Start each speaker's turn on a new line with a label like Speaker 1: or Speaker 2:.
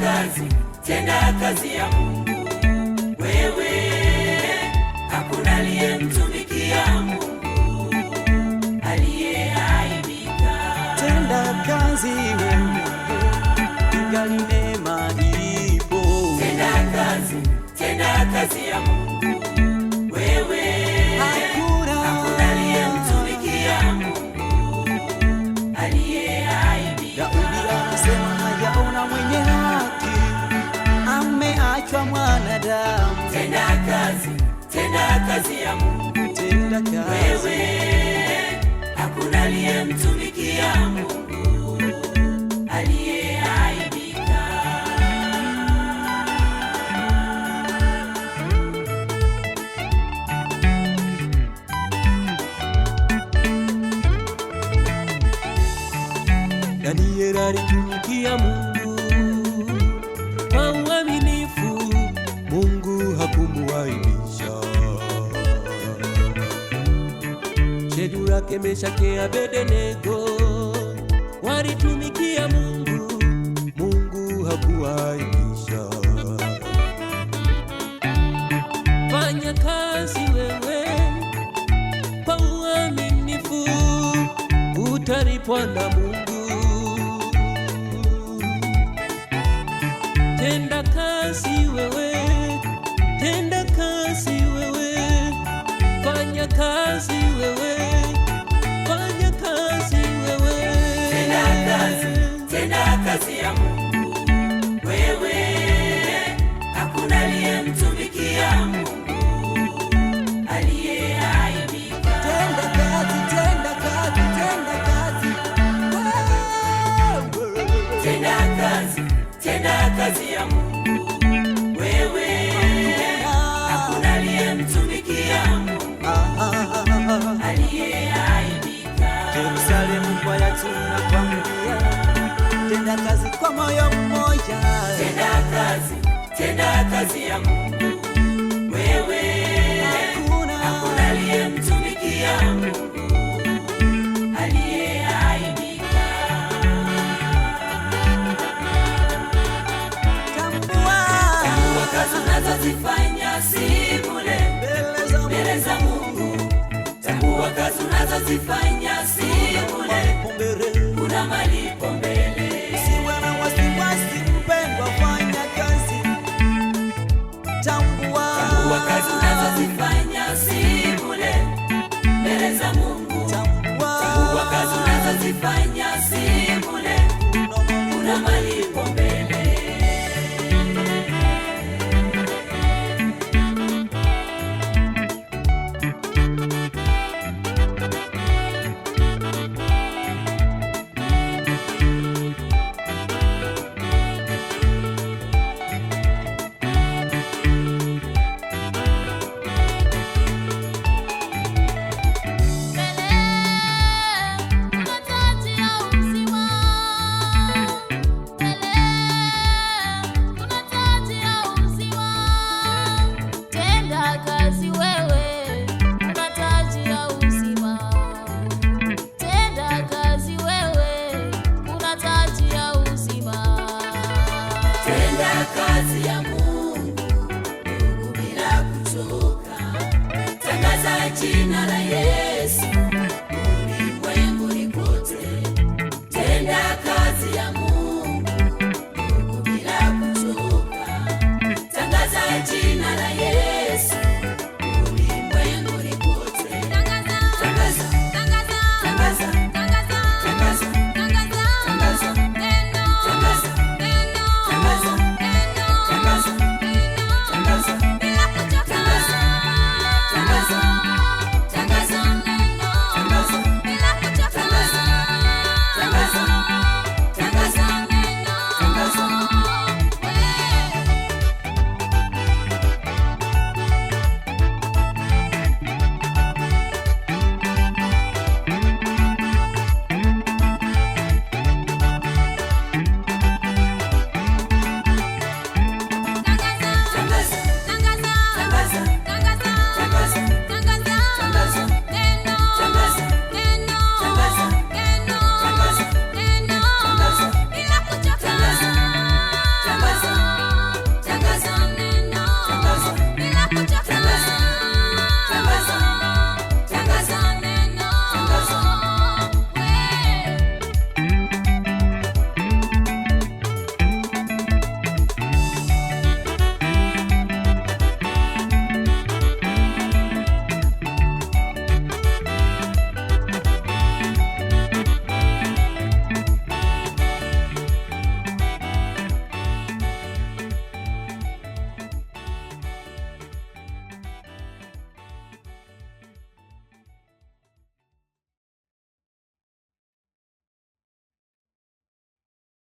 Speaker 1: kazi, tenda kazi ya Mungu. Wewe hakuna aliyemtumikia Mungu aliyeaibika. Tenda kazi wewe, ingali neema ipo.
Speaker 2: Tenda kazi, tenda kazi ya Mungu.
Speaker 1: kuachwa mwanadamu.
Speaker 2: Tenda kazi, tenda kazi ya Mungu, tenda kazi wewe, hakuna aliyemtumikia Mungu aliyeaibika.
Speaker 1: Danieli alitumikia Mungu kumuaibisha. Shedura kemeshakea Abednego walitumikia Mungu, Mungu hakuwaibisha. Fanya kazi wewe kwa uaminifu, utalipwa na Mungu. kazi kwa moyo mmoja,
Speaker 2: tenda kazi, tenda kazi ya Mungu. Wewe
Speaker 1: hakuna
Speaker 2: aliyemtumikia Mungu aliyeaibika.
Speaker 1: Tambua,
Speaker 2: tambua kazi unazozifanya si bure
Speaker 1: mbele za Mungu.
Speaker 2: Tambua kazi unazozifanya find jina la Yesu.